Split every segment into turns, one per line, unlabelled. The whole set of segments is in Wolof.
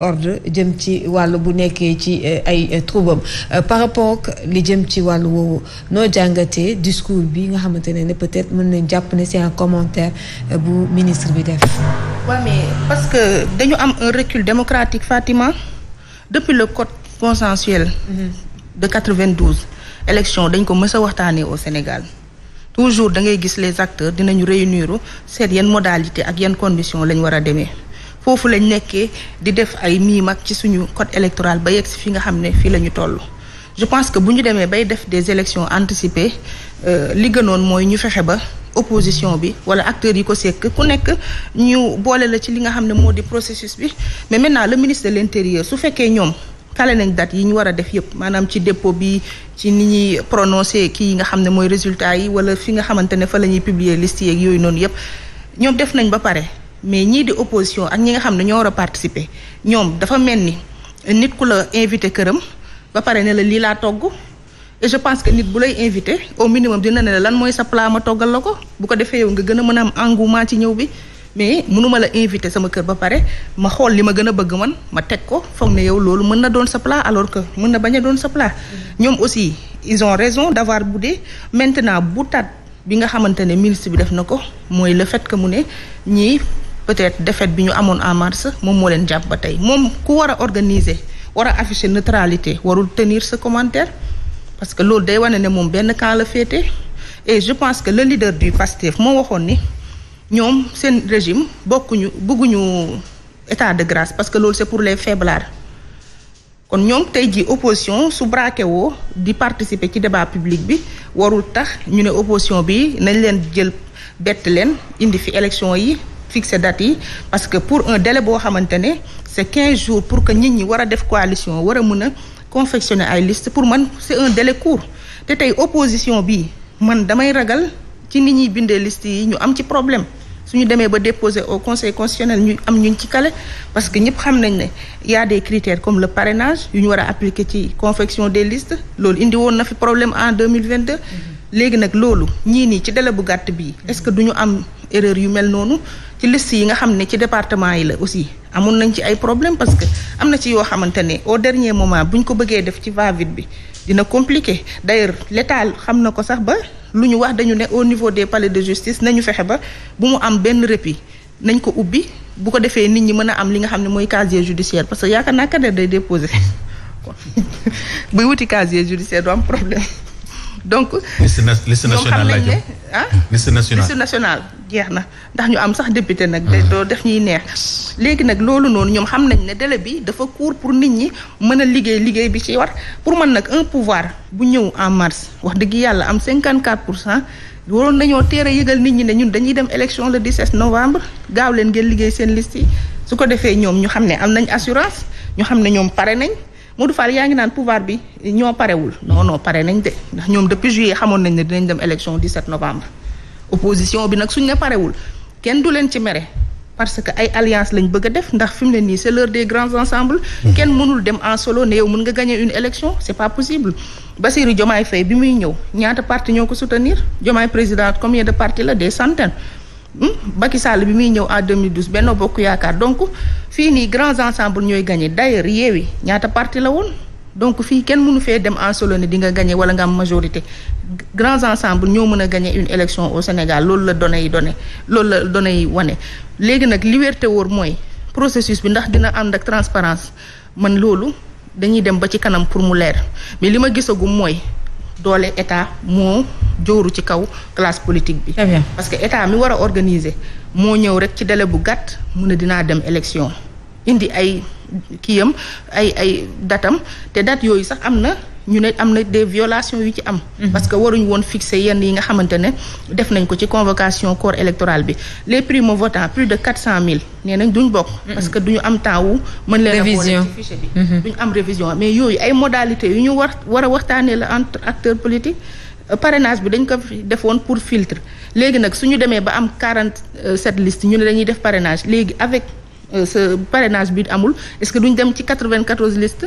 ordre jëm ci wàll bu nekkee ci eh, ay eh, troubam euh, par rapport li jëm ci wàll woowu noo jàngatee discours bi nga xamante ne ne peut-être mën nañ jàpp ne c'est un commentaire euh, bu ministre bi def
parce que dañu am un recul démocratique Fatima depuis le code consensuel mm-hmm. de 92 élection dañ ko mës a waxtaanee au Sénégal toujours da ngay gis les acteurs dinañu réunir seet yan modalité ak yan condition lañ war a demee foofu lañu nekkee di def ay miim ak ci suñu code électoral ba yegg si fi nga xam ne fii la ñu toll. je pense que bu ñu demee bay def des élections anticipées euh, li gënoon mooy ñu fexe ba opposition bi wala acteurs yi ko sekk ku nekk ñu boole la ci li nga xam ne moo di processus bi mais maintenant le ministre de l'intérieur su fekkee ñoom. kale nañ date yi ñu war def yëpp maanaam ci dépôt bi ci ni ñuy prononcé kii yi nga xam ne mooy résultat yi wala fi nga xamante ne fa la ñuy publier liste yeeg yooyu noonu yëpp ñoom def nañ ba pare mais ñii di opposition ak ñi nga xam ne ñoo war a participer ñoom dafa mel ni nit ku la invité këram ba pare ne la lii laa togg et je pense que nit bu lay invité au minimum dina ne la lan mooy sa plat ma toggal la ko bu ko defee yow nga gën a mën a am engouement ci ñëw bi mais mënuma la invité sama kër ba pare ma xool li ma gën a bëgg man ma teg ko foog ne yow loolu mën na doon sa plat alors que mën na bañ a doon sa plat ñoom aussi ils ont raison d'avoir boudé maintenant bu tat bi nga xamante ne ministre bi def na ko mooy le fait que mu ne ñii peut-être défaite bi ñu amoon en mars moom moo leen jàpp ba tey moom ku war a organiser war a afficher neutralité warul tenir sa commentaire parce que loolu day wane ne moom benn camp la féete et je pense que le leader du PASTEF moo waxoon ni ñoom seen régime bokkuñu bëgguñu état de grace parce que loolu c'est pour les faiblards kon ñoom tey jii opposition su braqué woo di participer ci débat public bi warul tax ñu ne opposition bi nañ leen jël bett leen indi fi élection yi fixer date yi parce que pour un délai boo xamante ne c'est quinze jours pour que nit ñi war a def coalition war a mën ay liste pour man c'est un délai court te tey opposition bi man damay ragal ci nit ñuy bindee liste yi ñu am ci problème suñu demee ba déposer au conseil constitutionnel ñu am ñuñ ci kale parce que ñëpp xam nañ ne y a des comme le parrainage yu ñu war a ci confection des listes loolu indi woon na fi problème en deux mille vingt deux mm-hmm. léegi nag erreur yu mel noonu ci liste yi nga xam ne ci département yi la aussi amoon nañ ci ay problème parce que am na ci yoo xamante ne au dernier moment buñ ko bëggee def ci va bi dina compliqué d'ailleurs l'État xam na ko sax ba lu ñu wax dañu ne au niveau des palais de justice nañu fexe ba bu mu am benn répit nañ ko ubbi bu ko defee nit ñi mën a am li nga xam ne mooy casier judiciaire parce que yaakaar naa Kader day déposé buy wuti casier judiciaire du am problème donc.
liste na liste nationale la ñu ah liste nationale
liste jeex na ndax ñu am sax député nag. Ah. doo def ñuy neex. léegi nag loolu noonu ñoom xam nañ ne délai bi dafa court pour nit ñi mën a liggéey liggéey bi ci war pour mën nag un pouvoir bu ñëw en mars wax dëgg yàlla am 54 pour cent waroon nañoo teel a yëgal nit ñi ne ñun dañuy dem élection le 17 novembre gaaw leen ngeen liggéey seen liste yi su ko defee ñoom ñu xam ne am nañ assurance ñu xam ne ñoom pare nañ. Modou Fall yaa ngi naan pouvoir bi ñoo parewul non non pare nañ de ndax ñoom depuis juillet xamoon nañ ne dinañ dem élection 17 novembre opposition bi nag suñ ne parewul kenn du leen ci mere parce que ay alliance lañ bëgg def ndax fi mu ne nii c'est l'heure des grands ensembles mhm. kenn mënul dem en solo ne yow mën nga gagner une élection c'est pas possible Bassirou Diomaye Faye bi muy ñëw ñaata parti ñoo ko soutenir Diomaye président combien de parti la des centaines Hmm? Macky Sall bi muy ñëw en 2012 benn Bokk Yaakaar donc fii nii grands ensembles ñooy gagné d'ailleurs Yewwi ñaata parti la woon donc fii kenn mënu fee dem en solo ne di nga gagné wala nga am majorité grands ensembles ñoo mën a gañee une élection au Sénégal loolu la données yi donné loolu la données yi wane. léegi nag li woor mooy processus bi ndax dina ànd ak transparence man loolu dañuy dem ba ci kanam pour mu leer mais li ma gisagum mooy doole état mo jooru ci kaw classe politique bi. parce que état mi war a organiser moo ñëw rek ci délai bu gàtt mu ne dinaa dem élection indi ay kiyam ay ay datam te date yooyu sax am na. ñu ne am na de violation yu ci am. Mhm. parce que waruñu woon fixer yenn yi nga xamante ne def nañ ko ci convocation corps électoral bi les primo votants plus de quatre cent mille nee nañ duñ bokk. Mhm. parce que duñu am temps wu. mën leen a révision ci fichier bi. Mhm. duñu am révision mais yooyu ay modalité yu ñu war war waxtaanee la entre acteurs politiques. parrainage bi dañ ko defoon pour filtre léegi nag suñu demee ba am 47 listes ñu ne dañuy def parrainage léegi avec euh, ce parrainage bi amul est-ce que duñ dem ci 94 listes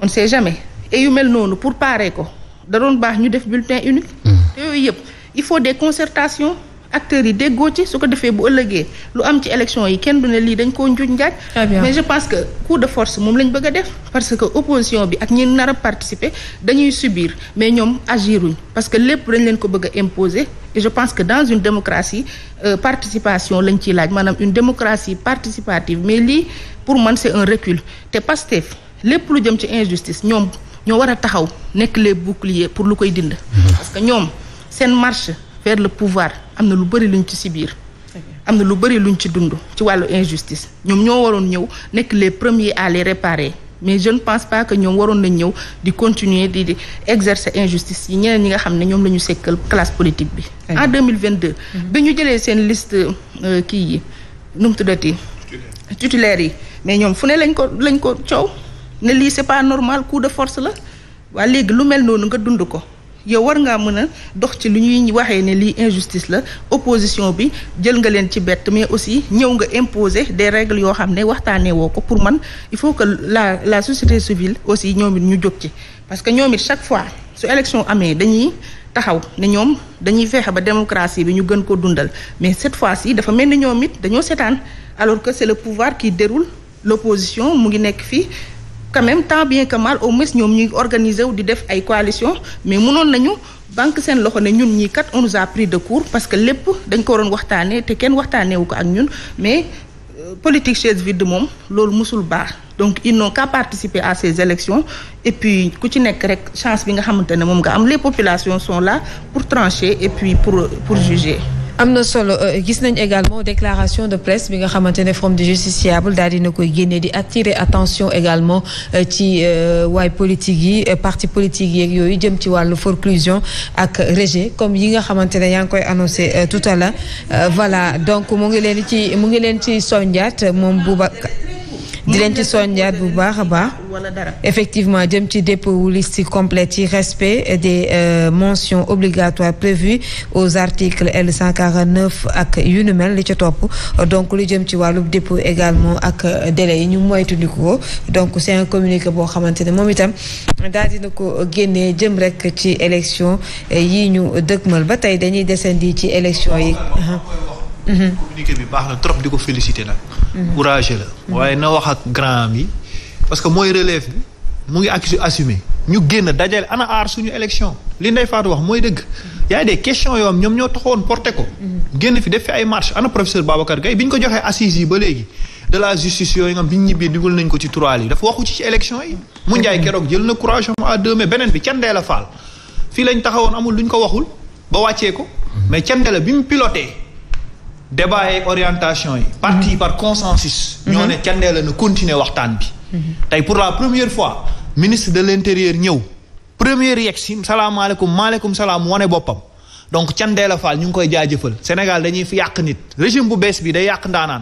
on sait jamais et yu mel noonu pour parer ko da doon baax ñu def bulletin unique te mm. yooyu yëpp il faut des concertations acteur yi déggoo ci su ko defee bu ëllëgee lu am ci élection yi kenn du ne lii dañ koo njuñ njaaj mais je pense que coup de force moom lañ bëgg a def parce que opposition bi ak ñi nara a participer dañuy subir mais ñoom agiruñ parce que lépp dañ leen ko bëgg a imposer et je pense que dans une démocratie euh, participation lañ ciy laaj maanaam une démocratie participative mais lii pour man c'est un recule te Pastef lépp lu jëm ci injustice ñoom ñoo war a taxaw nekk les boucliers pour lu koy dind mm-hmm. parce que ñoom seen marche vers le pouvoir am na lu bëri luñ ci si biir am na lu bëri luñ ci dund ci wàllu injustice ñoom ñoo waroon ñëw nekk les premiers à les réparer mais jeune pense pas que ñoom waroon nañ ñëw di continuer di di exercer injustice yi ñeneen ñi nga xam ne ñoom la ñu sekkal classe politique bi en 2022 mhm. bi ñu jëlee seen liste euh, kii yi nu mu tuddati titulaires yi mais ñoom fu ne lañ ko lañ ko coow ne lii c'est pas normal coup de force la waa léegi lu mel noonu nga dund ko yow war ngaa mën a dox ci lu ñuy waxee ne lii injustice la opposition bi jël nga leen ci bett mais aussi ñëw nga imposer des règles yoo xam ne waxtaanee woo ko pour man il faut que la la société civile aussi ñoom it ñu jóg ci parce que ñoom it chaque fois su élection amee dañuy taxaw ne ñoom dañuy fexe ba démocratie bi ñu gën ko dundal mais cette fois-ci dafa mel ni ñoom it dañoo seetaan alors que c'est le pouvoir qui déroule l'opposition mu ngi nekk fii quand même tant bien que mal au moins ñoom ñuy organiser wu di def ay coalition mais mënoon nañu banque seen loxo ne ñun ñii kat on nous a pris de court parce que lépp dañ ko waroon waxtaanee te kenn waxtaaneewu ko ak ñun mais euh, politique chaise vide moom loolu mosul baax donc ils n'ont qu'à participer à ces élections et puis ku ci nekk rek chance bi nga xamante ne moom nga am les populations sont là pour trancher et puis pour pour juger
am na solo euh, gis nañ également déclaration de presse bi nga xamante ne Forum des justiciables daal dina koy génne di attirer attention également euh, ci euh, waay politique yi parti politique yeeg yooyu jëm ci wàllu forclusion ak rejet comme yi nga xamante ne yaa ngi koy annoncé tout à l'heure voilà donc mu ngi leen ci mu ngi leen ci sonjaat moom Boubacar di leen ci soññaat bu baax a baax. wala dara effectivement jëm ci dépôt wu liste complète ci respect des euh, mentions obligatoires prévues aux articles L 149 ak yu nu mel li ca topp donc lu jëm ci wàllu dépôt également ak euh, délai yi ñu moytandiku ko donc c'est un communiqué boo xamante ne moom itam daal dina ko génnee jëm rek ci élection yi ñu dëgmal ba tey dañuy descendi ci élection yi. Mm-hmm.
communiqué bi baax na trop di ko félicité nag. Mm-hmm. courage la. Mm-hmm. waaye na wax ak grand bi parce que mooy relève bi mu ngi accusé assumé ñu génn dajale ana aar suñu élection li Ndeye Fatou wax mooy dëgg. y a des questions yoo ñoom ñoo taxoon porté ko. génn fi def fi ay marche ana professeur Babacar Gaye bi ñu ko joxee assises yi ba léegi. de la justice yooyu nga bi ñu ñibbee dugal nañ ko ci turaal yi dafa waxu ci ci élection yi. mu njaay keroog jël na courage bi candee la faal fii lañ taxawoon amul luñ ko waxul ba wàccee ko mais candee bi mu piloté. débat yi orientation yi. parti mhm. par consensus. Mhm. ñoo ne kenn la na continuer waxtaan bi. Mhm. tey pour la première fois ministre de l' intérieur ñëw. première yegg si salaamaaleykum maaleykum salaam wane boppam donc Thiendella Fall ñu ngi koy jaajëfal Sénégal dañuy fi yàq nit régime bu bees bi day yàq ndaanaan